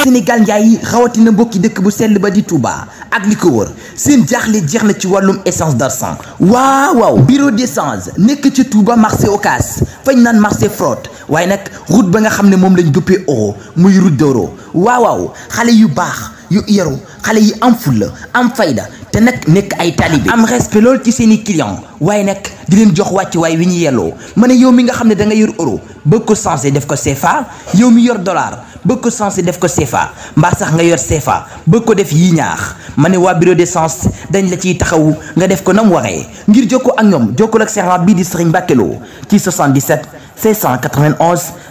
waaw Sénégal njaay yi rawatina mbokki dëkk bu sell ba di Touba ak li ko wër seen jaaxle jeex na ci wàllum essence d'arsan waaw waaw bureau d'essence nekk ci Touba marché Ocass fañ naan marché fraude waaye nag route ba nga xam ne moom lañ duppee oro muy route d'oro waaw xale yu baax yu yaru xale yi am fulla am fayda te nag nekk ay taalibe am respect lool ci seeni client waaye nag di leen jox wàcc waaye wi ñuy yelloo ma ne yow mi nga xam ne da nga yor euro bëgg ko changé def ko CFA yow mi yor dollar bëgg ko changé def ko CFA mbaa sax nga yor CFA bëgg ko def yi ñaax ma ne waa bureau de change dañ la ciy taxaw nga def ko nam waree ngir jokkoo ak ñoom jokkoo ak sergent bii di Serigne Bakeloo ci 77 591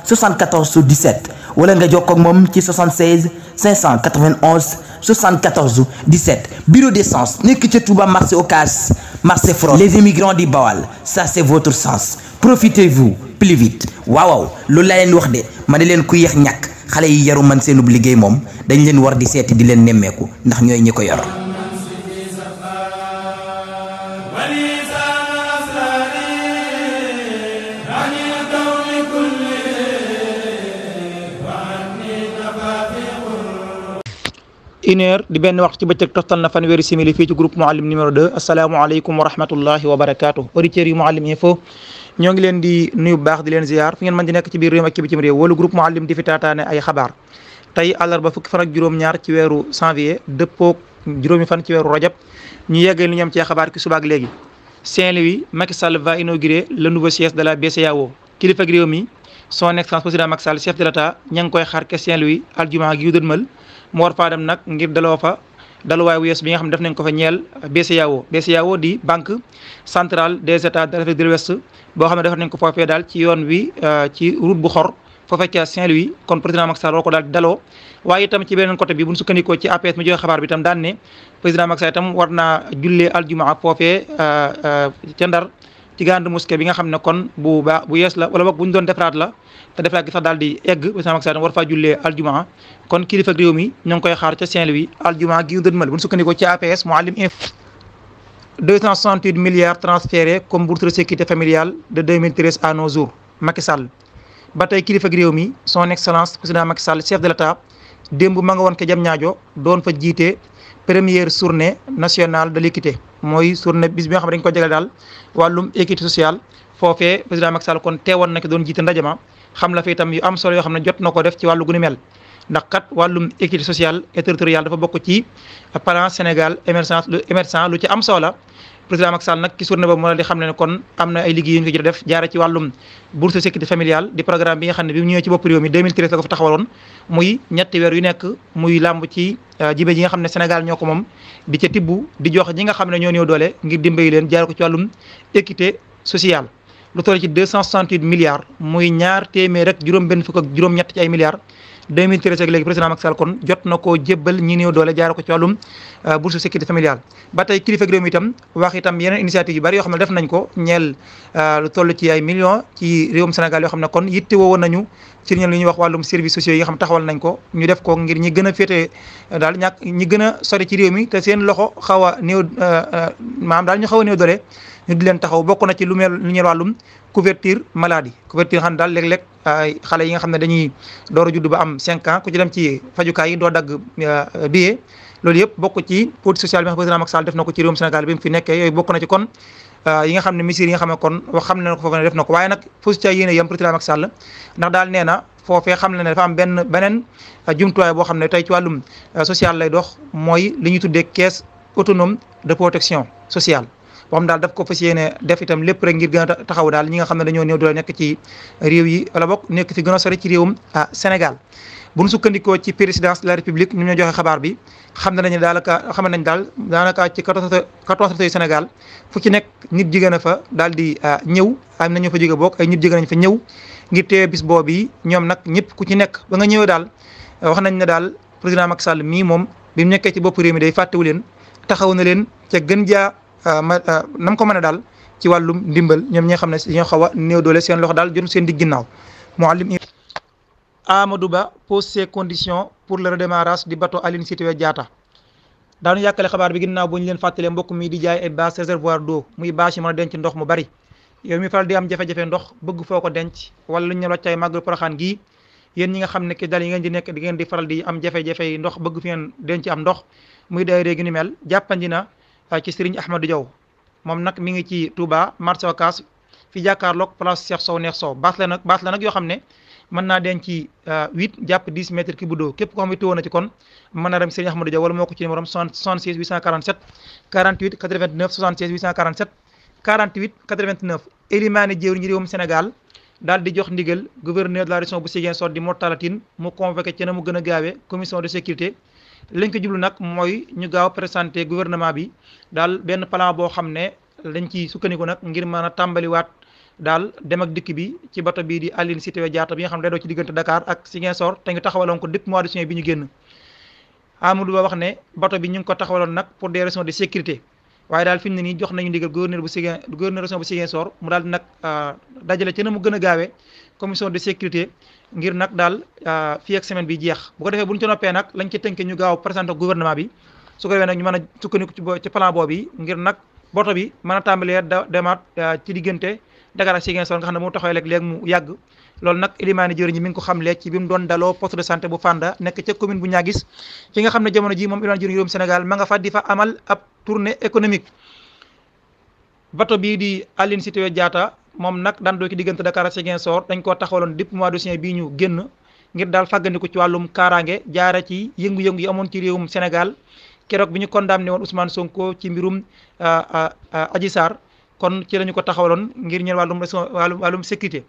74 17 wala nga jokkoo ak moom ci 76 591 74 17 bureau d'essence nekk ca Touba marché Ocass marché Front les immigrants di Bawal sa c'est votre sens profitez-vous plus vite loolu laa leen wax de ma ne leen ku yéex ñàkk xale yi yaru man seenub liggéey moom dañ leen war di seeti di leen nemmeeku ndax ñooy ñi ko yor. une heure di benn waxtu ci bëccëg toftal na fanweeri simili fii ci groupe Mouhalim numéro 2 asalaamaaleykum wa rahmatullahi wa barakaatu auditeurs yu Mouhalim Info ñoo ngi leen di nuyu bu baax di leen ziar fu ngeen mën di nekk ci biir réew ak ci bitim réew wala groupe Mouhalim di fi taataane ay xabaar tey àllarba fukki fan juróom-ñaar ci weeru janvier dëppoog juróomi fan ci weeru rajab ñu yeggee li ñu am ci xabaar ki subaak léegi Saint-Louis Macky Sall va inaugurer le nouveau siège de la BCEAO kilifa réew mi son excellence président Macky Sall chef de l'État ña ngi koy xaar ca Saint-Louis aljuma ak yu dënmal war faa dem nag ngir daloo fa daluwaay wu yees bi nga xam ne def nañ ko fa ñeel BCEAO BCEAO di banque centrale des états de l'Afrique de l'Ouest boo xam ne defar nañ ko foofee daal ci yoon wi euh, ci route bu xor foofee ca Saint-Louis kon président Macky war ko daal di daloo waaye itam ci beneen côté bi bu ñu sukkandikoo ci APS mu joxe xabaar bi itam daan ne président Macky Sall itam war naa jullee aljumaa foofee euh, euh, ca Ndar ci grande mosquée bi nga xam ne kon bu baax bu yees la wala boog bu ñu doon defaraat la te defaraat gi sax daal di egg kilifa réew mi ñoo ngi koy xaar ca Saint-Louis aljumaa gi dënmal bu ñu sukkandikoo milliards transférés comme bourse de sécurité familiale de 2013 à nos jours Macky Sall réew mi son excellence président Macky Sall chef de l' état démb ma nga woon ko jam ñaajo doon fa jiite première journée nationale de l'équité mooy journée bis bi xam ne dañ ko jagle daal wàllum équité sociale foofee président Macky Sall kon teewoon na ki doon jiite ndaje ma xam la fi itam yu am solo yoo xam ne jot na ko def ci wàllu gu mel ndax kat wàllum équité sociale et territoriale dafa bokk ci plan Sénégal émergent lu émergent lu ci am solo président Macky Sall nag ci journée boobu moo la di xam ne kon am na ay liggéey yu ñu ko a def jaare ci wàllum bourse sécurité familiale di programme bi nga xam ne bi mu ñëwee ci bopp réew weer yu nekk muy làmb ci euh, jibe ji nga xam ne Sénégal ñoo ko moom di ca tibb di jox ñi nga xam ne ñoo néew doole ngir dimbali leen jaare ko ci wàllum équité sociale lu toll ci 268 milliards muy ñaar téeméer rek juróom benn fukk ak juróom-ñett ci ay milliards 2013 ak léegi président Macky Sall kon jot na koo jébbal ñi néew doole jaare ko ci wàllum euh, bourse sécurité familiale ba tey kilifa réew mi itam wax itam yeneen initiative yu bari yoo xam ne def nañ ko ñeel euh, toll ci ay millions ci réewum Sénégal yoo xam ne kon yitte woo nañu ci ñeen li ñuy wax wàllum services sociaux yi nga xam taxawal nañ ko ñu def ko ngir ñi gën a féete euh, daal ñàkk ñi gën a sori ci réew mi te seen loxo xaw a néew maanaam daal ñu xaw a néew doole ñu di leen taxaw bokk na ci lu mel lu ñeel wàllum couverture maladie couverture xam daal léeg-léeg xale yi nga xam ne dañuy door a judd ba am 5 ans ku ci dem ci fajukaay yi doo dagg euh, billet loolu yëpp bokk ci politique sociale bi nga def na ko ci réewum Sénégal bi mu fi nekke yooyu bokk na ci kon euh, yi nga xam ne misir yi nga xam ne kon xam ne ko foofu ne def na ko waaye nag fausi ca yéene yam président Macky Sall ndax daal nee na foofee xam ne ne dafa am benn beneen euh, jumtuwaay boo xam ne tey ci wàllum social lay dox mooy li ñuy tuddee caisse autonome de protection sociale moom daal daf ko fas yéene def itam lépp rek ngir gën taxaw daal ñi nga xam ne dañoo néew doole nekk ci réew yi wala bokk nekk fi gën a sori ci réewum ah, Sénégal bu ñu sukkandikoo ci présidence de la république ñu ñoo joxe xabaar bi xam ne nañu daalaka xam nañ daal daanaka ci quatorze réew Sénégal fu ci nekk nit jigéen a fa daal di ah, ñëw am nañu fa jóge bokk ay nit jigéen nañ fa ñëw ngir teewe bis bi ñoom nag ñëpp ku ci nekk ba nga ñëwee daal wax nañ ne daal président Macky Sall mii moom bi mu ci bopp réew day fàttewu leen taxaw na leen ca gën jaa Euh, ma euh, nam ko mën a daal ci wàllum ndimbal ñoom ñi nga xam ne ñoo xaw a néew seen loxo daal jot seen di ginnaaw Mouhalim Amadou Ba pose ses condition pour demarage redémarrage du bateau Aline Sitoé Diatta daanu yàkkale xabaar bi ginnaaw bu ñu leen fàttalee mbokk mi di jaay ay bâche réservoir d'eau muy bâche a denc ndox mu bari yow mi faral di am jafe-jafe ndox bëgg foo ko denc wala lu ñu la wàccaay màggal Poroxaan yéen ñi nga xam ne ki dal yi ngeen di nekk di ngeen di faral di am jafe-jafe ndox bëgg fi ngeen denc am ndox muy day réegi ni mel jàppandi na ci Serigne Ahmadou Diaw moom nag mi ngi ci Touba marché Ocass fi jàkkaarloog place Cheikh Sow neex Sow baas la nag yoo xam ne mën naa denc ci euh, huit jàpp dix mètres ki budoo képp koo xam ne tuwoon na ci kon mën naa dem Serigne Ahmadou Diaw wala moo ko ci numéro am 76 847 48 89 76 847 48 89 Elimane jëwriñ réewum Sénégal daal di jox ndigal gouverneur de la région bu Ziguinchor di Mor Talla Tine mu convoqué ci na mu gën a gaawee lañ ko jublu nag mooy ñu gaaw présenter gouvernement bi daal benn plan boo xam ne lañ ci sukkandiku nag ngir mën a tàmbaliwaat daal dem ak dikk bi ci bato bii di Aline Sitoé Diatta bi nga xam ne day doo ci diggante Dakar ak Ziguinchor te ñu taxawaloon ko depuis mois de juin bi ñu génn Amadou Ba wax ne bato bi ñu ngi ko taxawaloon nag pour des raisons de sécurité waaye daal fi mu ne nii jox nañu ndigal gouverneur bu Ziguinchor gouverneur région bu Ziguinchor mu daal di euh, dajale ci na mu gën a gaawee commission de sécurité ngir nag daal euh, fii ak semaine bi jeex bu ko defee bu ñu ci noppee lañ ci tënkee ñu gaaw présenté gouvernement bi su ko defee nag ñu mën a sukkandiku ci plan boobu yi ngir nag boto bi mën a tàmbalee da demaat euh, ci diggante Dakar ak Ziguinchor nga xam ne moo taxawee léeg léeg mu yàgg loolu nag Elimane jëriñ mi ngi ko xamle mu doon daloo poste de santé bu Fanda nekk nga xam ne jamono ji moom Elimane jëriñ Réewum Sénégal ma nga fa di amal ab pour ne économique bato bii di Aline Sitoé jaata moom nag daan doo ki diggante Dakar ak soor dañ ko taxawaloon depuis mois de juin bii ñu génn ngir daal fàggandiku ci wàllum kaaraange jaara ci yëngu-yëngu yi amoon ci réewum Sénégal keroog bi ñu condamné woon Ousmane Sonko ci mbirum euh, euh, Adji Sarr kon ci la ñu ko taxawaloon ngir ñeen wàllum wàllum wàllum sécurité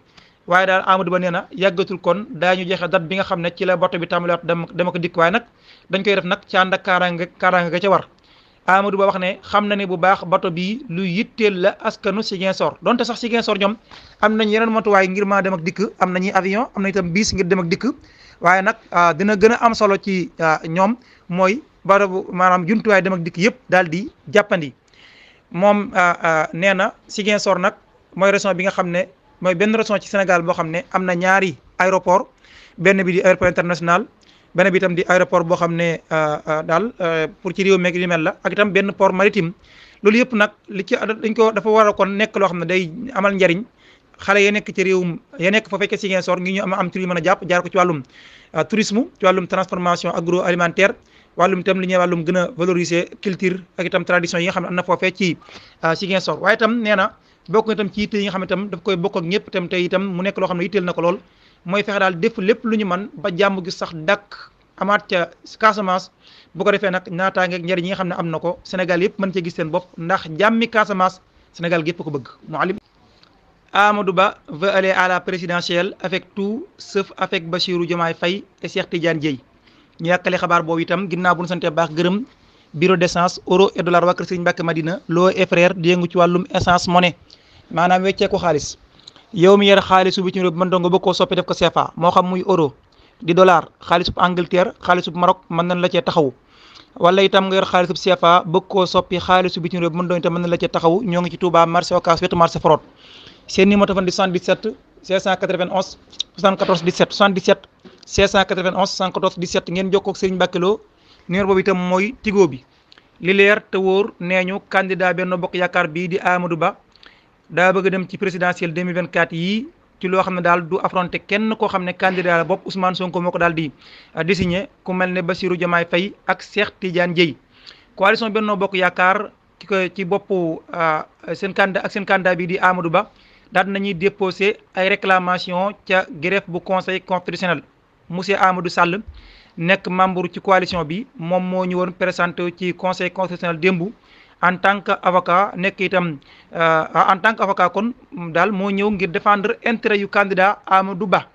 waaye daal Amadou Ba nee na yàggatul kon ñu joxe dat bi nga xam ne ci la bato bi tàmbaliwaat dama ko dikk nag dañ koy def nag ci ànd ak kaaraange ga ca war Amadou Ba wax ne xam na ne bu baax bato bii lu yitteel la askanu Ziguinchor donte sax Ziguinchor ñoom am nañ yeneen matuwaay ngir maa dem ak dikk am nañuy avion am na itam biis ngir dem ak dikk waaye nag ah, dina gën a am solo ci ah, ñoom mooy bato bu maanaam jumtuwaay dem ak dikk yëpp daal di jàppandi moom ah, nee na Ziguinchor nag mooy région bi nga xam ne mooy benn région ci Sénégal boo xam ne am na ñaari aéroport benn bi di aéroport international benn bi itam di aéroport boo xam ne euh, euh, daal euh, pour ci réew meeg yu mel la ak itam benn port maritime loolu yëpp nag li ci dañ ko dafa war a kon nekk loo xam ne day amal njariñ xale ya nekk ci réewum ya nekk fa fekkee Ziguinchor ngi ñu am am ci lu a jàpp jaar ci wàllum tourisme ci wàllum transformation agroalimentaire wàllum itam li ñuy wàllum gën a valoriser culture ak itam tradition yi nga ne am na foofee ci Ziguinchor waaye itam nee na bokk itam ci yitte yi nga xam ne itam daf koy bokk ak ñëpp itam tey itam mu nekk loo xam ne yitteel na ko lool mooy fexe daal def lépp lu ñu man ba jàmm gi sax dàkk amaat ca Casamance bu ko defee nag naataangeeg njëriñ yi nga xam ne am na ko Sénégal yëpp mën cee gis seen bopp ndax jàmmi Casamance Sénégal gépp ko bëgg Mouhalim Amadou Ba veut aller à la présidentielle avec tout sauf avec Bassirou Diomaye Faye et Cheikh Tidiane Dièye ñu yàkkale xabaar boobu itam ginnaaw bu ñu sante baax gërëm bureau d' euro et dollar waa kër Sëriñ Mbàkke Madina loo et frère di ci wàllum essence monnaie maanaam wecceeku xaalis yow mi yor xaalisu bitim réew mën dong bëgg koo soppi def ko CFA moo xam muy euro di dollar xaalisub Angleterre xaalisub Maroc mën nañ la cee taxawu wala itam nga yor xaalisub CFA bëgg koo soppi xaalisu bitim réew mën dong itam mën nañ la cee taxawu ñoo ngi ci Touba marché Ocass wetu marché Forot seen numéro téléphone di 77 691 74 17 77 691 74 17 ngeen jokkoo ak Serigne Bakilo numéro boobu itam mooy Tigo bi li leer te wóor nee ñu candidat benn bokk yaakaar bii di Amadou Ba. daa bëgg a dem ci présidentielle 2024 yi ci loo xam ne daal du affronté kenn koo xam ne candidat la bopp Ousmane Sonko moo ko daal di euh, désigné ku mel ne Bassirou Diomaye Faye ak Cheikh Tidiane Dièye coalition Benno Bokk Yaakaar ki ko ci boppu euh, seen candidat ak seen candidat bi di Amadou Ba daal nañuy déposé ay réclamation ca greffe bu conseil constitutionnel monsieur Amadou Sall nekk membre ci coalition bi moom moo ñu woon présenté ci conseil constitutionnel en tant que avocat nekk itam euh, en tant que avocat kon daal moo ñëw ngir defendre intérêt yu candidat Amadou Ba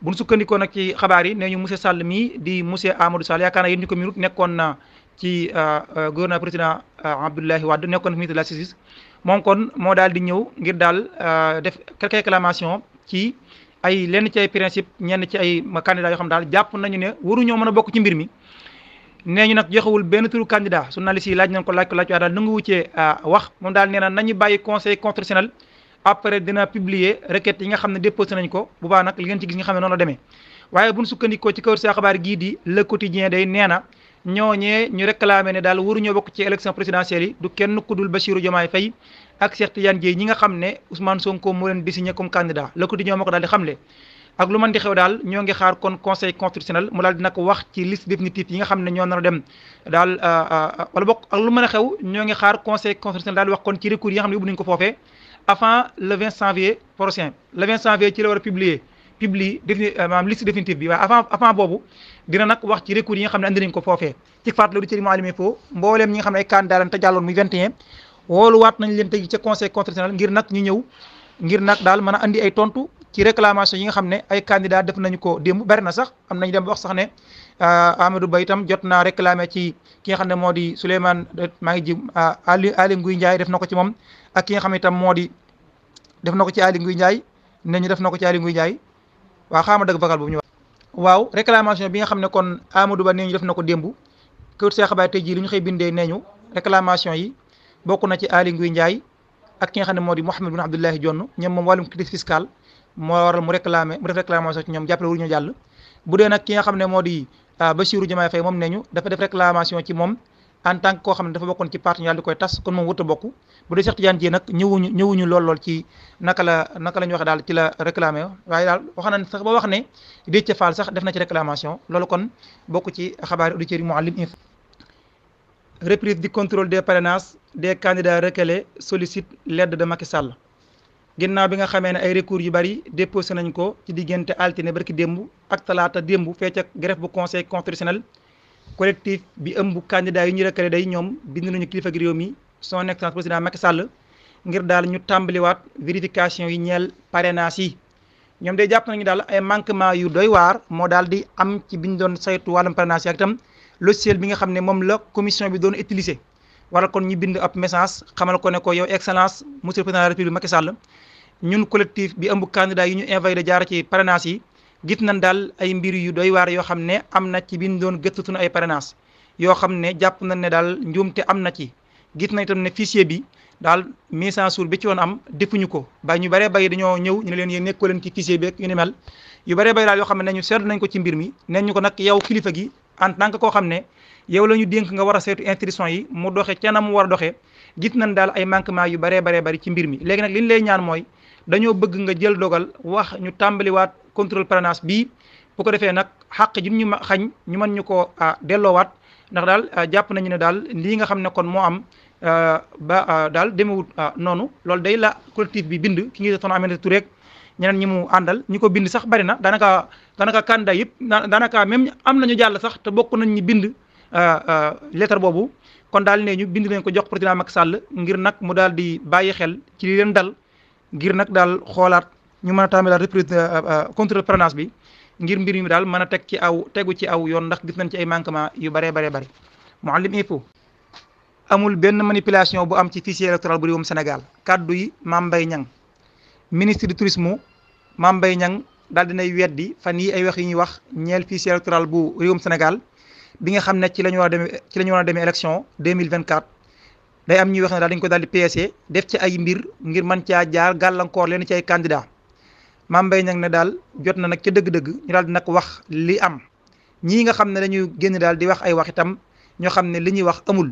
bu ñu sukkandikoo nag ci xabaar yi nee ñu monsieur Sall mii di monsieur Amadou Sall yaakaar naa yéen ñu nekkoon na ci euh, euh, gouverneur président Abdoulaye Wade nekkoon na ministre de la justice moom kon moo daal di ñëw ngir daal def quelques réclamations ci ay lenn ci ay principe ñenn ci ay candidats yoo xam daal jàpp nañu ne waruñoo mën a bokk ci mbir mi. nee ñu nag joxewul benn turu candidat journaliste yi laaj na ko laaj ko laaj waaye daal nu nga wuccee ah, wax moom daal nee na nañu bàyyi conseil constitutionnel après dina publier requête yi nga xam ne déposé nañ ko bu baax nag li ngeen ci gis nga xam ne noonu a demee waaye buñ sukkandikoo ci kër sa xabaar gii di le quotidien day nee na ñooñee ñu réclamé ne daal waruñoo bokk ci élection présidentielle yi du kenn ku dul Bassirou Diomaye Faye ak Cheikh Tidiane Dièye nga xam ne Ousmane Sonko moo leen désigné ko daal di xamle ak lu mën di xew daal ñoo ngi xaar kon conseil constitutionnel mu daal di nag wax ci liste définitive yi nga xam ne ñoo nar a dem daal euh, euh, wala bokk ak lu mën a xew ñoo ngi xaar conseil constitutionnel daal di wax kon ci recours yi nga xam ne yóbbu nañu ko foofee avant le 20 prochain le 20 ci la war a publier publie défini euh, maanaam liste bi avant boobu dina nag wax ci recours yi nga xam ne andi nañu ko foofe ci fàttali lu ci Mouhalim Info mbooleem ñi nga xam ne ay candidat lañ te jàlloon muy nag ñu ñëw ngir daal mën a andi ay tontu ci réclamation yi nga xam ne ay candidat def nañu ko démb bari na sax am nañu dem ba wax sax ne euh, Amadou Ba jot naa réclamé ci ki nga xam ne moo di Souleymane maa ngi ji euh, Ali Ali Nguy def na ko ci moom ak ki nga xam ne itam moo di def na ko ci Ali Nguy Ndiaye ñu def na ko ci Ali Nguy Ndiaye waaw xaama dëgg bakal boobu ñu wax waaw réclamation bi nga xam ne kon Amadou Ba nee def na ko démb kër Cheikh Baye tey jii li ñu xëy bindee nee ñu réclamation yi bokk na ci Ali Nguy Ndiaye ak ki nga xam ne moo di Mouhamed bin Abdoulaye Dionne ñoom moom wàllum crise fiscale moo waral mu réclamé mu def réclamation ci ñoom jàppale wu ñu jàll bu dee nag ki nga xam ne moo di ah, Bassirou Diomaye Faye moom ne ñu dafa def réclamation ci moom en tant ko koo xam ne dafa bokkoon ci parti ñu daal koy tas kon moom wut a bokk bu dee Cheikh Tidiane Dièye nag ñëwuñu lool lool ci naka la naka la ñu wax daal ci la réclamé waaye daal wax nañ sax ba wax ne Déthié Fall sax def na ci réclamation loolu kon bokk ci xabaari auditeurs yi Mouhalim Info reprise du contrôle des parrainages des candidats recalés sollicite l'aide de Macky Sall ginnaaw bi nga xamee ne ay recours yu bari déposé nañ ko ci diggante altine barki démb ak talaata démb fecc ak greffe bu conseil constitutionnel collectif bi ëmb candidat yi ñu rekkale day ñoom bind nañu kilifa gi réew mi son excellence président Macky Sall ngir daal ñu tàmbaliwaat vérification yi ñeel parrainage yi ñoom day jàpp nañu daal ay manquement yu doy waar moo daal di am ci bi ñu doon saytu wàllum parrainage yi ak itam logiciel bi nga xam ne moom la commission bi doon utiliser wala kon ñu bind ab message xamal ko ne ko yow excellence monsieur le président de la ñun collectif bi ëmb candidat yi ñu invité jaar ci parrainage yi gis nañ daal ay mbir yu doy waar yoo xam ne am na ci biñ doon gëstu na ay parrainage yoo xam ne jàpp nañ ne daal te am na ci gis nañ itam ne fichier bi daal mise en bi ci woon am defuñu ko ba ñu bëree bay dañoo ñëw ñu ne leen yéen nekkoo leen ci fichier bi ak yu ni mel yu daal yoo xam ne ñu seetlu nañ ko ci mbir mi neen ñu ko nag yow kilifa gi en tant que koo xam ne yow la ñu dénk nga war a saytu institution yi mu doxe ca na mu war a doxe gis nañ daal ay manquement yu bëree baree bëri ci mbir mi léegi nag li ñu lay ñaan mooy dañoo bëgg nga jël dogal wax ñu tàmbaliwaat contrôle parrainage bii bu ko defee nag xàq ji ñu ma xañ ñu mën ñu koo ah, delloowaat ndax daal ah, jàpp nañu ne daal lii nga xam ne kon moo am ah, ba daal demewut noonu loolu day la collectif bi bind ki ngi de soxna Aminata Touré ñeneen ñi mu àndal ñi ko bind sax bari na daanaka daanaka candidat yëpp daanaka même am nañu jàll sax te bokk nañ ñi bind lettre boobu kon daal nee ñu bind nañ ko jox président mak Sall ngir nag mu daal di bàyyi xel ci li dal ngir nag daal xoolaat ñu mën a tàmbalaat reprise euh, euh, euh, contreprenance bi ngir mbir mi daal mën a teg ci aw tegu ci aw yoon ndax gis nañ ci ay manquement yu bëree baree bëri Mouhalim Info amul benn manipulation bu am ci fichier électoral bu réewum Sénégal kaddu yi Mame Mbaye Niang ministre du tourisme Mame Mbaye Niang daal dinay weddi fan yi ay wax yi ñuy wax ñeel fichier électoral bu réewum Sénégal bi nga xam ne ci la ñu war a demee ci la ñu war a demee élection 2024 day am ñuy wax ne daal dañ ko daal di peese def ci ay mbir ngir mën caa jaar gàllankoor leen ci ay candidat Mame Mbaye Niang ne daal jot na nag ca dëgg-dëgg ñu daal di nag wax li am ñii nga xam ne dañuy génn daal di wax ay wax itam ñoo xam ne li ñuy wax amul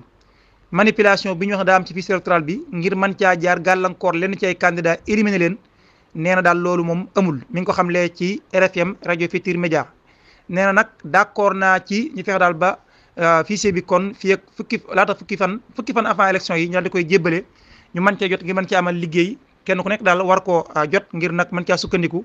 manipulation bi ñu wax ne daa am ci fichier électoral bi ngir mën caa jaar gàllankoor leen ci ay candidat éliminer leen nee na daal loolu moom amul mi ngi ko xam lee ci RFM rajo Futurs média nee na nag d'accord naa ba Euh, fichier bi kon fii ak fukki laata fukki fan fukki fan avant élection yi ñu daal koy jébbale ñu mën cee jot ngir mën cee amal liggéey kenn ku nekk daal war ko euh, jot ngir nag mën caa sukkandiku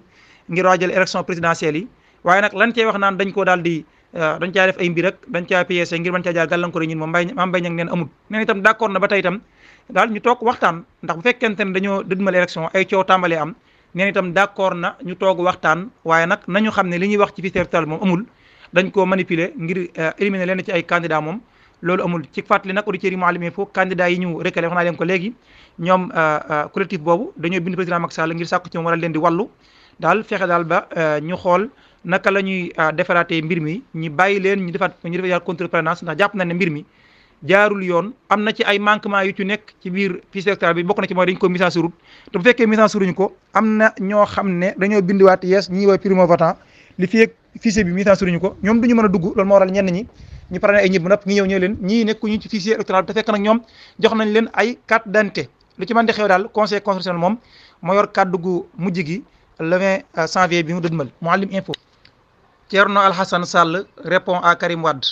ngir waajal élection présidentielle yi waaye nag lan cee wax naan dañ koo daal di euh, dañ caa def ay mbir dañ ca PSC ngir mën caa jaar gàllankoor ñun moom mbay maam mbay ñag neen amul neen itam d'accord na ba tey tam daal ñu toog waxtaan ndax bu fekkente ne dañoo dëdmal élection ay coow tàmbalee am neen itam d'accord na ñu toog waxtaan waaye nag nañu xam ne li ñuy wax ci fichier électoral moom amul dañ koo manipuler ngir euh, éliminer leen ci ay candidat moom loolu amul ci fàttali nag auditeurs yi Mouhalim Info candidat yi ñu recalé wax naa leen ko léegi ñoom euh, euh, collectif boobu dañoo bind président Macky Sall ngir sàkku ci moom waral leen di wàllu daal fexe daal ba ñu xool naka la ñuy defaraatee mbir mi ñu bàyyi leen ñu defaat ñu defaat contre ndax jàpp na ne mbir mi jaarul yoon am na ci ay manquement yu ci nekk ci biir fiche électorale bi bokk na ci mooy dañ ko mise à jour te bu fekkee mise à jour ko am na ñoo xam ne dañoo bindiwaat yees ñii woy primo votant li fi yeeg fichier bi miitan suruñu ko ñoom duñu mën a dugg loolu moo waral ñenn ñi ñu parane ay ñib ba nopp ñi ñëw ñëw leen ñii nekkuñu ci fichier bi te fekk nag ñoom jox nañ leen ay carte d'identité lu ci mën di xew daal conseil constitutionnel moom moo yor kàddu gu mujj gi le 20 euh, janvier bi mu dëdmal Mouhalim info Thierno Alhassane Sall répond à Karim Wade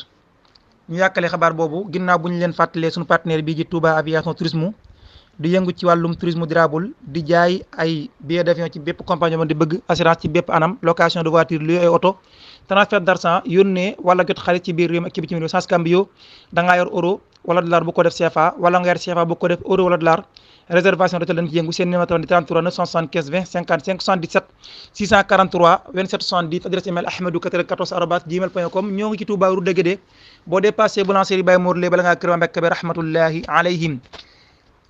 ñu yàkkale xabaar boobu ginnaaw bu ñu leen fàttalee suñu partenaire bii ji Touba aviation tourisme di yëngu ci wàllum tourisme durable di jaay ay billets d'avion ci bépp compagnie di bëgg assurance ci bépp anam location de voiture luy ay oto transfert d'argent yónnee wala jot xaalis ci biir réew mi ci bitim réew sans cambio da yor euro wala dollar bu ko def CFA wala nga yor CFA bu ko def euro wala dollar réservation d'hôtel dañ ci yëngu seen numéro téléphone di 33 975 20 55 77 643 27 70 adresse email ahmedou 94 arobase gmail point com ñoo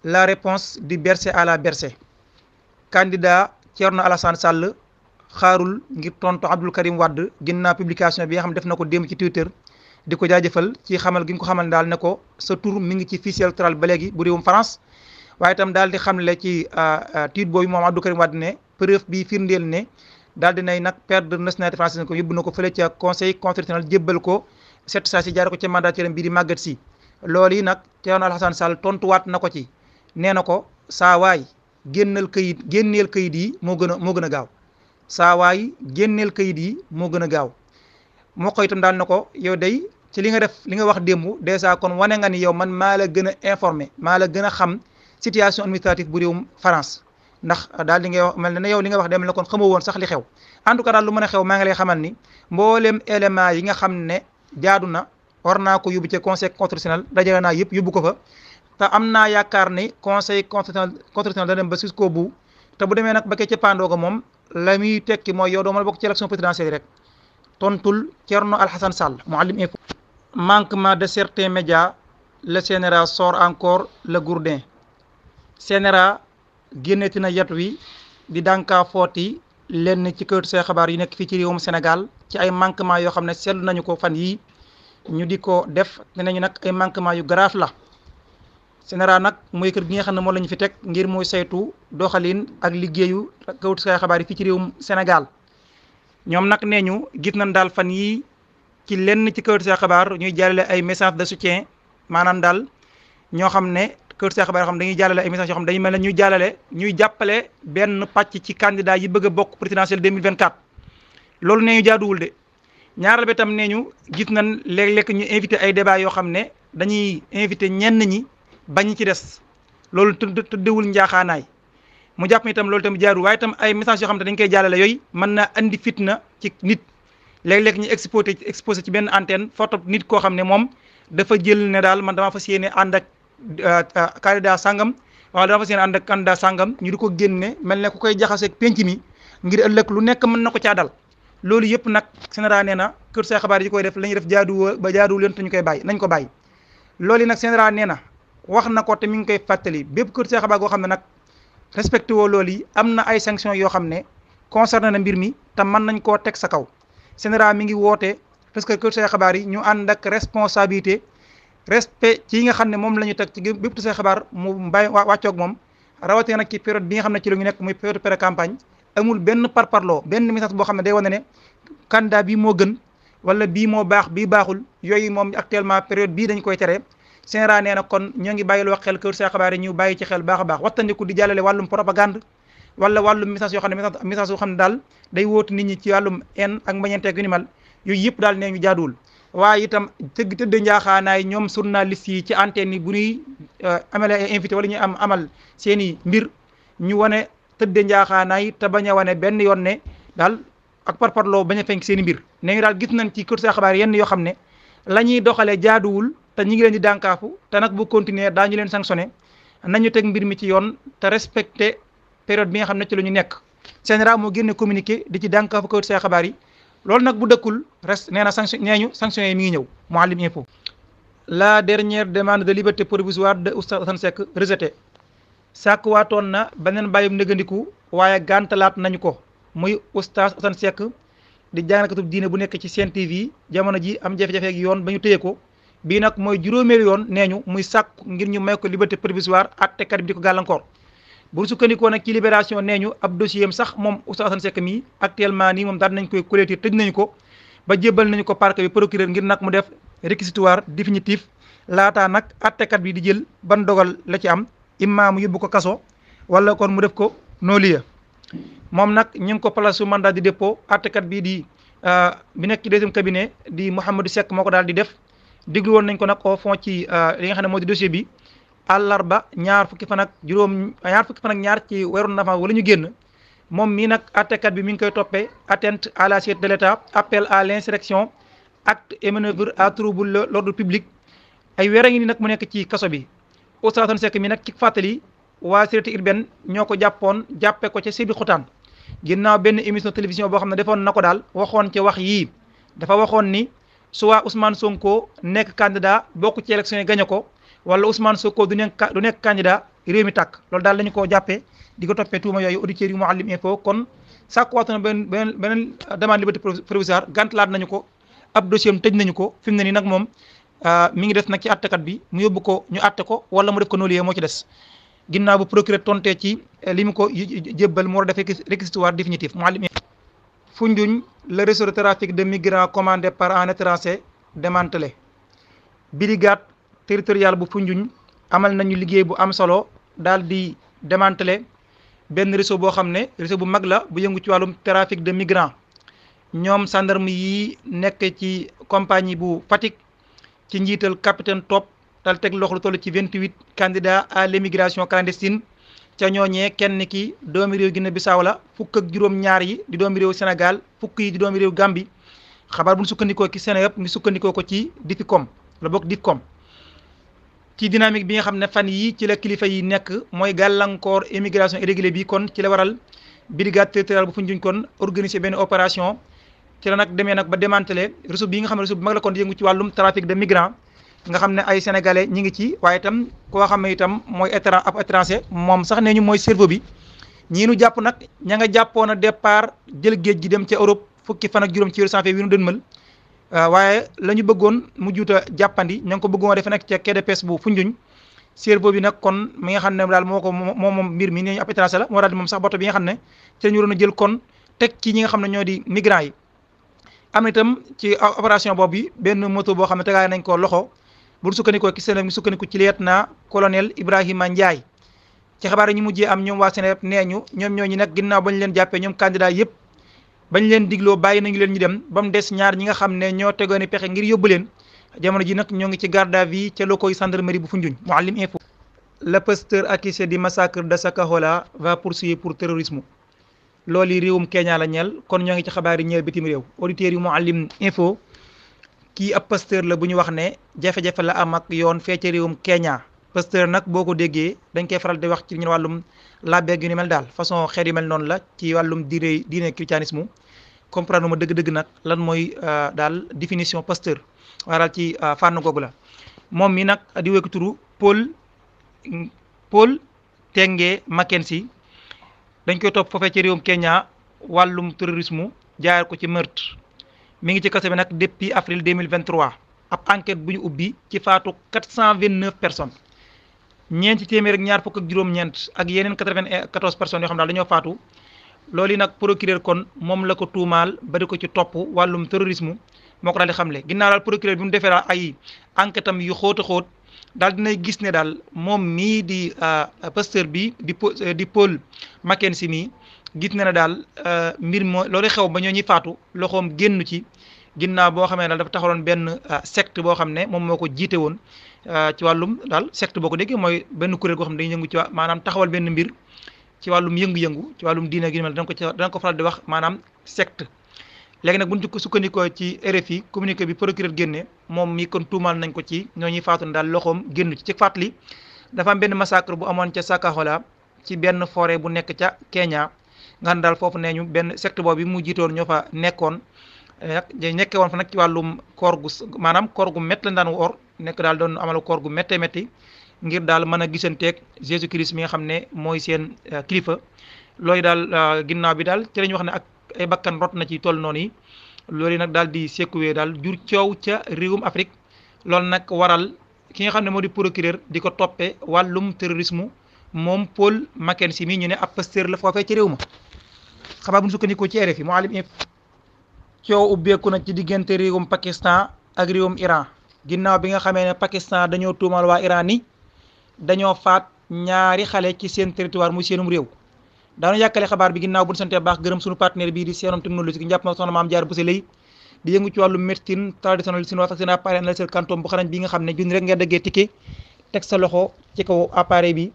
la réponse du bercé à la bercé candidat Thierno Alassane Sall xaarul ngir tontu Abdoul Karim Wade ginnaaw publication bi nga xam ne def na ko démb ci Twitter di ko jaajafal ci xamal gi nga ko xamal daal ne ko sa tur mi ngi ci fichier électoral ba léegi bu réewum France waaye itam daal di xamle ci euh, euh, tiit boobu moom Abdoul Karim Wade ne preuve bi firndeel ne daal dinay nag perdre nationalité française ko yóbbu na ko fële ca conseil constitutionnel jébbal ko set saa si jaare ko ca mandataire bi di Maguette Sy loolu yi nag Thierno Alassane Sall tontuwaat na ko ci nee na ko saa waay kayit génneel kayit yi moo gën a moo gën a gaaw saa waay génneel kayit yi moo gën a gaaw moo ko itam daan na ko yow day ci li nga def li nga wax démb dèjà kon wane nga ni yow man maa la gën a informé maa la gën a xam situation administrative bu réewum France ndax daal li ngay wax mel na yow li nga wax dem la kon xamoo woon sax li xew en daal lu mën a xew maa ngi lay xamal ni mboolem élément yi nga xam ne jaadu na war naa ko yóbbu ca conseil constitutionnel dajale naa yëpp yóbbu ko fa te am naa yaakaar ni conseil constitutionnel de dem ba jusqu'au bout te bu demee nag ba ca pàndoo ko moom la muy tekki mooy yow doo mën a bokk ci élection présidentielle rek tontul Thierno Alhassane Sall Mouhalim Info. manquement de certains médias le CNRA sort encore le gourdin sénéra génneti na yat wi di dànkaa footi lenn ci kër see xabaar yu nekk fii ci réewum Sénégal ci ay manquement yoo xam ne seetlu nañu ko fan yii ñu di ko def ne nañu nag ay manquement yu grave la CNRA nag mooy kër gi nga xam ne moom la ñu fi teg ngir mooy saytu doxalin ak liggéeyu kawtukaay xabaar yi fii ci réewum Sénégal ñoom nag nee ñu gis nañ daal fan yii ci lenn ci kawtukaay xabaar ñuy jàllale ay message de soutien maanaam daal ñoo xam ne kawtukaay xabaar yoo xam ne jàllale ay message yoo xam dañuy mel ne ñuy jàllale ñuy jàppale benn pàcc ci candidat yi bëgg a bokk présidentielle 2024 loolu nee ñu jaaduwul de ñaaral bi tam nee ñu gis nañ léeg-léeg ñu invité ay débat yoo xam ne dañuy invité ñenn ñi bañ ci des loolu tëddewul njaaxaanaay mu jàpp ne itam loolu tamit jaarul waaye itam ay message yoo xam ne dañ koy jàllale yooyu mën naa andi fitna ci nit léeg-léeg ñu exposé exposé ci benn antenne foto nit koo xam ne moom dafa jël ne daal man damaa fa yéene ànd ak euh, euh, candidat sangam wala damaa fas yéene ànd ak candidat sangam ñu du ko génne mel ne ku koy jaxaseeg penc mi ngir ëllëg lu nekk mën na ko caa dal loolu yëpp nag général nee na kër say xabaar yi koy def la ñuy def jaaduwoo ba jaaduwul yoon te koy bàyyi nañ ko bàyyi loolu nag général nee na wax na ko te mi ngi koy fàttali bépp kër see xabaar goo xam ne nag respecté woo loolu yi am na ay sanctions yoo xam ne concerné na mbir mi te mën nañ koo teg sa kaw général mi ngi woote parce que kër see xabaar yi ñu ànd ak responsabilité respect ci yi nga xam ne moom la ñu teg ci bépp kër see xabaar mu mbay bàyyi wàccoog moom rawatina nag ci période bi nga xam ne ci la ñu nekk muy période pré campagne amul benn parparloo benn message boo xam ne day wane ne candidat bii moo gën wala bii moo baax bii baaxul yooyu moom actuellement période bii dañ koy tere Sénéral nee kon ñoo ngi bàyyil wax xel kër sa xabaar yi ñu bàyyi ci xel baax a baax wattandiku di jàllale wàllum propagande wala wàllum message yoo xam ne message yoo xam ne daal day wóotu nit ñi ci wàllum en ak mbañanteeg yu ni mal yooyu yëpp daal nee ñu jaaduwul waaye itam tëgg tëdd njaaxaanaay ñoom journaliste yi ci antenne yi bu ñuy euh, amale invité wala ñuy am amal seen i mbir ñu wane tëdd njaaxaanaay te bañ a wane benn yoon ne daal ak parparloo bañ a fenk seen i mbir nee daal gis nañ ci kër sa xabaar yenn yoo xam ne la ñuy doxalee jaaduwul te ñi ngi leen di dànkaafu te nag bu continuer daañu leen sanctionné nañu teg mbir mi ci yoon te respecté période bi nga xam ne ci la ñu nekk CNRA moo génne communiqué di ci dànkaafu kawit see xabaar yi loolu nag bu dëkkul reste nee na sanction nee ñu sanction yi mi ngi ñëw Mouhalim Info la dernière demande de liberté provisoire de Oustaz Assane Seck rejetée sàkkuwaatoon na beneen bàyyum négandiku waaye gàntalaat nañu ko muy Oustaz Assane Seck di jàngalekatub diine bu nekk ci Sen TV jamono ji am jafe yoon ba ñu téye ko bii nag mooy juróomeelu yoon nee ñu muy sàkk ngir ñu may ko liberté provisoire àttekat bi di ko gàllankoor bu ñu sukkandikoo nag ci libération nee ñu ab dossier sax moom Oustaz Assane Seck mii actuellement nii moom daal nañ koy collecté tëj nañu ko ba jébbal nañu ko parquet bi procureur ngir nag mu def réquisitoire définitif laataa nag àttekat bi di jël ban dogal la ci am imma mu yóbbu ko kaso wala kon mu def ko non-lieu moom nag ñu ngi ko place su mandat de dépôt àttekat bii di euh, bi nekk ci deuxième cabinet di Mouhamadou Seck moo ko daal di def déglu woon nañ ko nag au fond ci euh, li nga xam ne moo di dossier bi àllarba ñaar fukki fan ak juróom ñaar fukki fan ak ñaar ci weeru novembre wala ñu génn moom mii nag attekat bi mi ngi koy toppe atteinte à l'assiette de l'État appel à l'insurrection acte et manœuvre à troubler l'ordre public ay weer a ngi ni nag mu nekk ci kaso bi sa Seck mi nag ci fàttali waa sécurité urbaine ñoo ko jàppoon jàppee ko ca Sébi Xutaan ginnaaw benn émission télévision boo xam ne defoon na ko daal waxoon ci wax yii dafa waxoon ni soit Ousmane Sonko nekk candidat bokk ci e yi gañe ko wala Ousmane Sonko du nekk du nekk candidat réew mi tàkk loolu daal lañu koo jàppe di ko toppee tuuma yooyu auditeurs yu Mouhalim Info kon sàkkuwaatu na benn beneen beneen demande liberté provisoire gàntalaat nañu ko ab dossier am tëj nañu ko fi mu ne nii nag moom euh, mi ngi des nag ci attekat bi mu yóbbu ko ñu atte ko wala mu def ko nooliyee moo ci des ginnaaw bu procureur tontee ci li mu ko jébbal mu war a def réquisitoire définitif Mouhalim Foundiougne le réseau de trafic de migrants commandé par un étranger démantelé brigade territoriale bu Foundiougne amal nañu liggéey bu am solo daal di démantelé benn réseau boo xam ne réseau bu mag la bu yëngu ci wàllum trafic de migrants ñoom gendarme yi nekk ci compagnie bu Fatick ci njiital capitaine Top dal teg loxo lu toll ci vingt-huit candidats à l' émigration clandestine ca ñooñee kenn ki doomi réew Guinée Bissau la fukk ak juróom-ñaar yi di doomi réew Sénégal fukk yi di doomi réew Gambie xabaar bu ñu sukkandikoo ci Sénégal ngi sukkandikoo ko ci DIFICOM la bokk DIFCOM ci dynamique bi nga xam ne fan yi ci la kilifa yi nekk mooy gàllankoor immigration irrégulière bi kon ci la waral brigade territoriale bu Foundiougne kon organiser benn opération ci la nag demee nag ba démantelé réseau bi nga xam ne réseau bi mag la kon di yëngu ci wàllum trafic de migrants nga xam ne ay sénégalais ñi ngi ci waaye itam koo xam ne itam mooy étran ab étranger moom sax nee ñu mooy cerveau bi ñii nu jàpp nag ña nga jàppoon a départ jël géej gi dem ca Europe fukki fan ak juróom ci weeru janvier wi nu dënmal euh, waaye la ñu bëggoon mu juuta jàppandi ña ngi ko bëggoon defe nag ca KDPS bu Foundiougne cerveau bi nag kon mi nga xam ne daal moo ko moo moom mbir mi nee ñu ab étranger la moo daal di moom sax boto bi nga xam ne ci la ñu a jël kon teg ci ñi xam ne ñoo di migrants yi am itam ci opération boobu benn moto boo xam ne nañ ko loxo bu sukkandikoo ki seen mi sukkandiku ci leet na colonel Ibrahima Ndiaye ci xabaar yi ñu mujjee am ñoom waa Sénégal nee ñu ñoom ñooñu nag ginnaaw bañ leen jàppee ñoom candidat yëpp bañ leen digloo bàyyi nañu leen ñu dem ba mu des ñaar ñi nga xam ne ñoo tegooni pexe ngir yóbbu leen jamono ji nag ñoo ngi ci garde à vue ca locaux yi gendarmerie bu Foundiougne Mouhalim Info le pasteur accusé du massacre de Sakahola va poursuivre pour terrorisme loolu yi réewum Kenya la ñel kon ñoo ngi ci xabaar yi ñeel bitim réew auditeurs yi Mouhalim Info kii ab pasteur la bu ñu wax ne jafe-jafe la am ak yoon fee réewum Kenya pasteur nag boo ko déggee dañ koy faral di wax ci ñu wàllum labbeeg yu ni mel daal façon xeet yu mel noonu la ci wàllum diine diine christianisme comprendre ma dëgg-dëgg nag lan mooy euh, daal définition pasteur waaye ci euh, fànn googu la moom mi nag di wekk turu Paul Paul Tenge Mackenzie dañ koy topp foofee ci réewum Kenya wàllum terrorisme jaar ko ci meurtre mi ngi ci kaso bi nag depuis avril 2023 ab enquête bu ñu ubbi ci faatu 429 personnes ñeenti téeméer ak ñaar fukk ak juróom-ñeent ak yeneen 94 personnes yoo xam daal dañoo faatu loolu yi nag procureur kon moom la ko tuumaal ba di ko ci topp wàllum terrorisme moo ko daal di xamle ginnaaw daal procureur bi mu defee daal ay enquête am yu xóot a xóot daal dinay gis ne daal moom mii di euh, pasteur bi di po euh, di Paul Mackenzie mii gis na na daal euh, mbir moo loolu xew ba ñoo ñi faatu loxoom génn ci ginnaaw boo xamee daal dafa taxawaloon benn euh, secte boo xam ne moom moo ko jiite woon euh, ci wàllum daal secte boo ko déggee mooy benn kuréel goo xam ne dañuy yëngu ci waa maanaam taxawal benn mbir ci wàllum yëngu wàllum diine gi mel dana ko ci dana ko faral di wax maanaam sect léegi nag bu ñu ko sukkandikoo ci RFI communiqué bi procureur génne moom mi kon tuumaal nañ ko ci ñoo ñuy faatu ne daal loxoom génn ci ci fàttali dafa am benn massacre bu amoon ca Sakahola ci benn forêt bu nekk ca Kenya nga daal foofu nee ñu benn secte boobu bi mu jiitoon ñoo fa nekkoon nag eh, nekkee woon fa nag ci wàllum koor gu maanaam koor gu métti lañ daan nekk daal doon amal koor gu méttee métti ngir daal mën a gisanteeg Jésus Christ mi nga xam ne mooy seen eh, kilifa looyu daal eh, ginnaaw bi daal ci la ñu wax ne ak ay bakkan root na ci toll noonu yi loolu nag daal di secoué daal jur coow ca réewum Afrique loolu nag waral ki nga xam ne moo di procureur di ko toppee wàllum terrorisme moom Paul Mackenzie mi ñu ne ab pasteur la foofee ci réew ma xabaar bu ñu sukkandikoo ci RFI Mouhalim If coow ubbeeku na ci diggante réewum Pakistan ak réewum Iran ginnaaw bi nga xamee ne Pakistan dañoo tuumal waa Iran ni dañoo faat ñaari xale ci seen territoire muy seenum réew daanu yàkkale xabaar bi ginnaaw bu ñu santee baax gërëm suñu partenaire bi di seenum technologie njàpp ma soxna maam jaar bu lay di yëngu ci wàllu médecine traditionnelle chinoise ak seen appareil analyseur quantum bu xarañ bi nga xam ne junni rek nga dëggee ticket teg sa loxo ci kaw appareil bi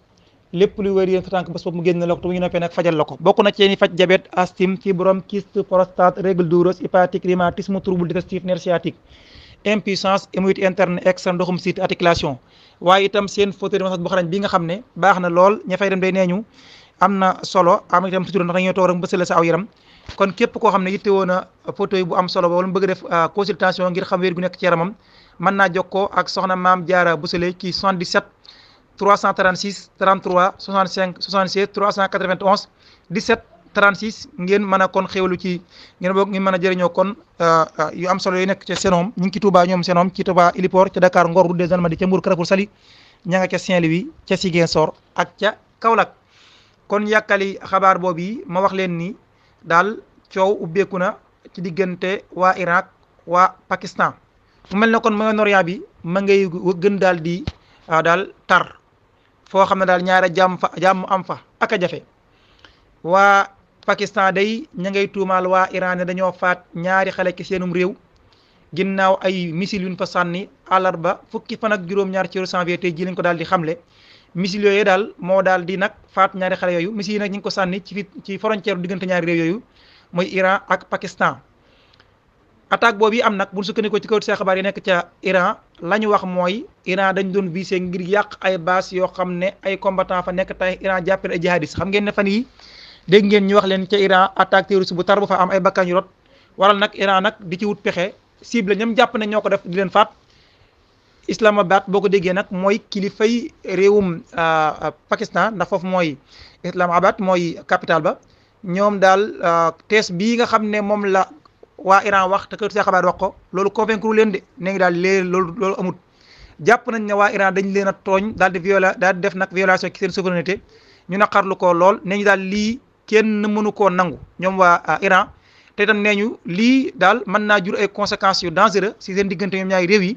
lépp lu wér yéen sa tànk bés boobu mu génn la ko te bu ñu noppee nag fajal la ko bokk na ci yéen faj diabète asthme fibrome kyste prostate règle douloureuse hépatique rhumatisme trouble digestif nerf impuissance hémorroïde interne externe ndoxum siit articulation waaye itam seen fauteuil bu xarañ bi nga xam ne baax na lool ña fay dem day neeñu am na solo am itam sutura ndax dañoo toog rek bësale sa aw yaram kon képp koo xam ne yittewoo na fauteuil bu am solo ba wala mu bëgg def ah, consultation ngir xam nekk ci yaramam mën naa jokkoo ak soxna maam jaara bësale ci 77 336 33 65 67 391 17 36 ngeen mën kon xéwlu ci ngeen boog ngeen mën a jëriñoo kon euh, euh, yu am solo yu nekk ca Senom ñu ngi ci ñoom Senom ci Touba Ilipor ca Dakar Ngor route des Almadies ca Mbour Karakour Saly ña nga ca Saint-Louis ca Ziguinchor ak ca Kaolack kon yàkkali xabaar boobu yi ma wax leen ni daal coow ubbeeku na ci diggante waa Irak waa Pakistan mu mel ne kon ma nga bi ma ngay gën daal di euh, daal tar foo xam ne daal ñaara jàmm fa jàmm am fa ak a jafe waa Pakistan day ña ngay tuumaal waa Iran ne dañoo faat ñaari xale ki seenum réew ginnaaw ay missile yuñ fa sànni àllarba fukki fan ak juróom-ñaar ci janvier tey ji lañ ko daal di xamle missile yooyu daal moo daal di nag faat ñaari xale yooyu missile yi nag ñu ngi ko sànni ci ci frontière diggante ñaari réew yooyu mooy Iran ak Pakistan attaque boobu yi am nag buñ sukkandikoo ci kaw see xabaar yi nekk ca Iran la wax mooy Iran dañ doon visé ngir yàq ay base yoo xam ne ay combattant fa nekk tey Iran jàppale ay jihadistes xam ngeen ne fan yi dégg ngeen ñu wax leen ca Iran attaque terroriste bu tar bu fa am ay bakkan yu rot waral nag Iran nag di ci wut pexe cible ñam jàpp ne ñoo ko def di leen faat Islamabad boo ko déggee nag mooy kilifay réewum euh, Pakistan ndax foofu mooy Islamabad mooy capitale ba euh, nga xam ne moom la waa Iran wax te këtu sa xabaar wax ko loolu convaincre leen de ne daal léer loolu loolu amut jàpp nañ ne waa Iran dañ leen a tooñ daal di viola daal di def nag violation ci seen souveraineté ñu naqarlu ko lool ne ñu daal lii kenn mënu koo nangu ñoom waa ah, Iran te itam nee ñu lii daal mën naa jur ay conséquences yu dangereux si seen diggante ñoom ñaari réew yi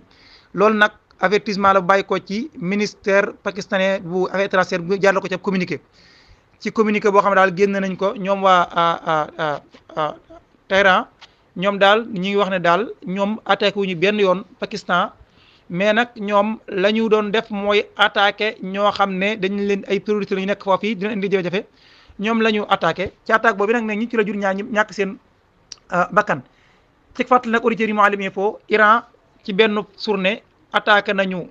loolu nag avertissement la bàyyi ko ci ministère pakistanais bu affaires étrangères bu jaarale ko ci communiqué ci communiqué boo xam ne daal génn nañ ko ñoom waa ah, ah, Téhéran ñoom daal ñu ngi wax ne daal ñoom attaqué wu ñu benn yoon Pakistan mais nag ñoom la ñu doon def mooy attaqué ñoo xam ne dañ leen ay priorité la ñu nekk foofu yi dina indi jafe-jafe ñoom la ñu attaqué ci attaque boobu nag ñi ci la jur ñaa ñàkk seen euh, bakkan ci fàttali nag auditeurs yi Mouhalim Info Iran ci benn journée attaqué nañu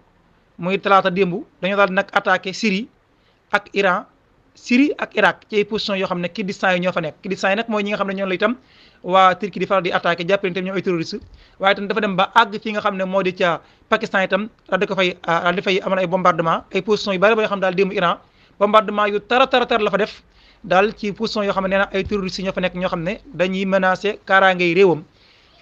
muy talaata démb dañoo daal nag attaqué Syrie ak Iran Syrie ak Irak ci ay positions yoo xam ne kurdistan yi ñoo fa nekk kurdistan yi nag mooy ñi nga xam ne ñoom lay itam waa Turquie di faral di attaqué jàppale itam ñoom ay terroriste waaye itam dafa dem ba àgg fi nga xam ne moo di ca Pakistan itam daal di ko fay ah, daal di fay amal ay bombardement ay positions yu bari ba yoo xam daal démb Iran bombardement yu tara tara tara la fa def daal ci position yoo xam ne nee na ay ñoo fa nekk ñoo xam ne dañuy menacé kaaraangey réewam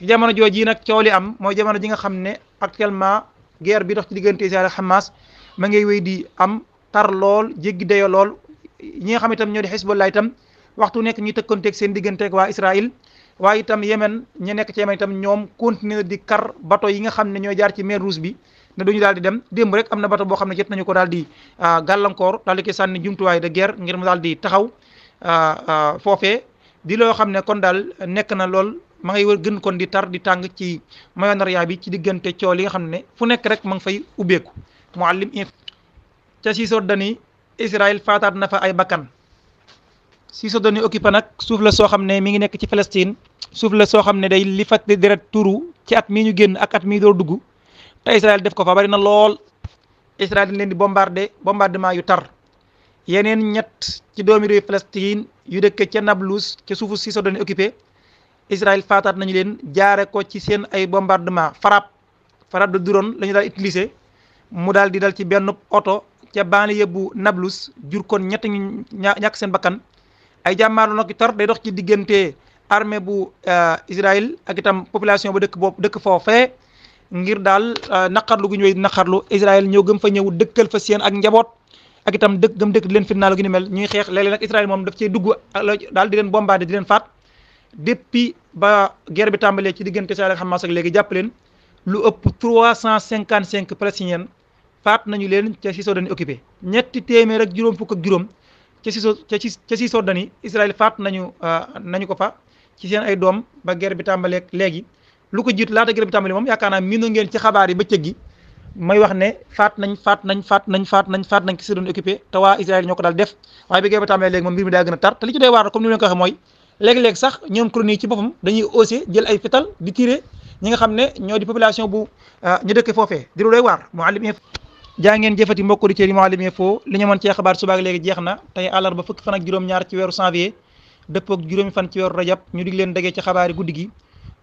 jamono jooju nag coow li am mooy jamono ji nga xam ne actuellement guerre bi dox ci diggante Israël ak Hamas ma ngay wéy di am tar lool jéggi dayo lool ñi nga xam itam ñoo di Hezbollah itam waxtu nekk ñuy tëkkoonteeg seen digganteeg waa Israël waaye itam Yemen ñu nekk ci Yemen itam ñoom continuer di kar bato yi nga xam ne ñooy jaar ci mer Rouge bi ne duñu daal di dem démb rek am na bato boo xam ne jot nañu ko daal di ah, gàllankoor daal di ko sànni jumtuwaay de guerre ngir mu daal di taxaw ah, ah, foofe di loo xam ne kon daal nekk na lool ma ngay wër gën kon di tar di tàng ci mayonaria bi ci diggante coow li nga xam ne fu nekk rek ma ngi fay ubbeeku muallim ca Cisjordanie Israël faataat na fa ay bakkan Cisjordanie occupé nag suuf la soo xam ne mi ngi nekk ci Palestine suuf la soo xam ne day li fàttali deret turu ci at mii ñu génn ak at mii door dugg te Israël def ko fa bari na lool Israël dañ leen di bombarde bombardement yu tar yeneen ñett ci doomi réew Palestine yu dëkk ca Nablus ca suufu Cisjordanie occupé Israël faataat nañu leen jaare ko ci seen ay bombardement frappe frappe de drone la daal utilisé mu daal di dal ci benn oto ca banlieue bu Nablus jur kon ñett ñu ñàkk seen bakkan ay jàmmaarloo nag tar day dox ci diggante armée bu euh, Israël ak itam population ba dëkk boobu dëkk foofee ngir daal euh, naqarlu gu ñu wéy naqarlu Israël ñëw gëm fa ñëw dëkkal fa seen ak njaboot ak itam dëkk gëm dëkk di leen fitnaalu gi ni mel ñuy xeex léeg-léeg nag Israël moom daf cee dugg daal di leen bombardé di leen faat depuis ba guerre bi tàmbalee ci diggante Israël ak Hamas ak léegi jàpp leen lu ëpp trois cent cinquante cinq palestiniens faat nañu leen ca Cisjordanie occupé ñetti téeméer ak juróom fukk ak juróom ca Siso ca Siso dani Israël faat nañu euh, nañu ko fa ci seen ay doom ba guerre bi tàmbaleeg léegi lu ko jiit laata guerre bi tàmbale moom yaakaar naa miinu ngeen ci xabaar yi bëccëg gi may wax ne faat nañ faat nañ faat nañ faat nañ faat nañ ki si doon occupé te waa Israël ñoo ko daal def waaye bi guerre bi tàmbalee léegi moom mbir mi a tar te li ci doy waar comme ni ma leen sax ñoom chronique ci boppam dañuy osé jël ay fital di tiré ñi nga xam ne ñoo di population bu euh, ñu dëkk foofee di lu doy waar mu àllim jaa ngeen jëfati mbokk auditeurs yi Mouhalim Info li ñu mën cee xabaar subaak léegi jeex na tey àllarba fukki fan ak juróom-ñaar ci weeru janvier dëppoo ak juróomi fan ci weeru rajab ñu dig leen dagee ci xabaari guddi gi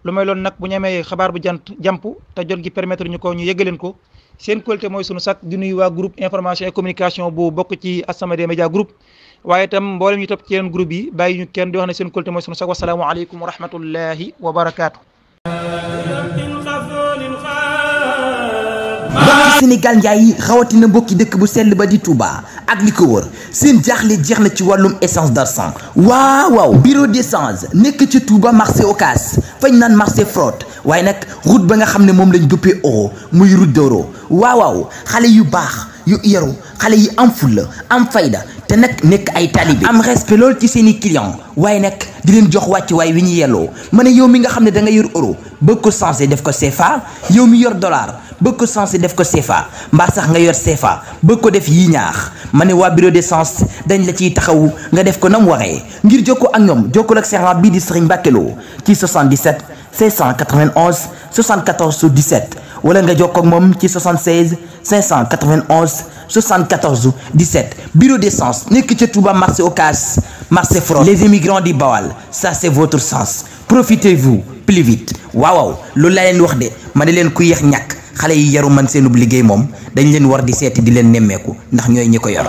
lu may loolu nag bu ñu amee xabaar bu jant jàmp te jot gi permettre ñu ko ñu leen ko seen qualité mooy sunu sac di nuyu waa groupe information et communication bu bokk ci As-Samadiyya Média Group waaye itam mboolem ñu topp ci yeneen group yi bàyyi ñu kenn di wax ne seen qualité mooy sunu sac wasalaamualeykum wa rahmatullahi wa barakaatu mbokki Sénégal njaay yi xawatina mbokki dëkk bu sell ba di Touba ak li ko wër seen jaaxle jeex na ci wàllum essence d'arsan waaw waaw bureau d'essence nekk ca Touba marché Ocass fañ naan marché Frott waaye nag route ba nga xam ne moom lañ duppee oro muy route d'oro waaw waaw xale yu baax yu yaru xale yi am fulla am fayda te nag nekk ay talibé am respect lool ci seen i client waaye nag di leen jox wàcc waay wi ñu yelloo ma ne yow mi nga xam ne da nga yor euro bëgg ko changé def ko CFA yow mi yor dollar bëgg ko sens def ko CFA mbaa sax nga yor CFA bëgg ko def yii ñaax ma ne waa bureau de sens dañ la ciy taxawu nga def ko nam waree ngir jokkoo ak ñoom jokkoo ak sergent bii di Serigne Mbacké Lo ci 77 591 74 17 wala nga jokkoo ak moom ci 76 591 74 17 bureau de sens nekk ca Touba marché Ocass marché Front les immigrants du Baol ça c'est votre sens profitez-vous plus vite waaw waaw loolu laa leen wax de ma ne leen ku yéex ñàkk. xale yi yaru man seenub liggéey moom dañ leen war di seeti di leen nemmeeku ndax ñooy ñi ko yor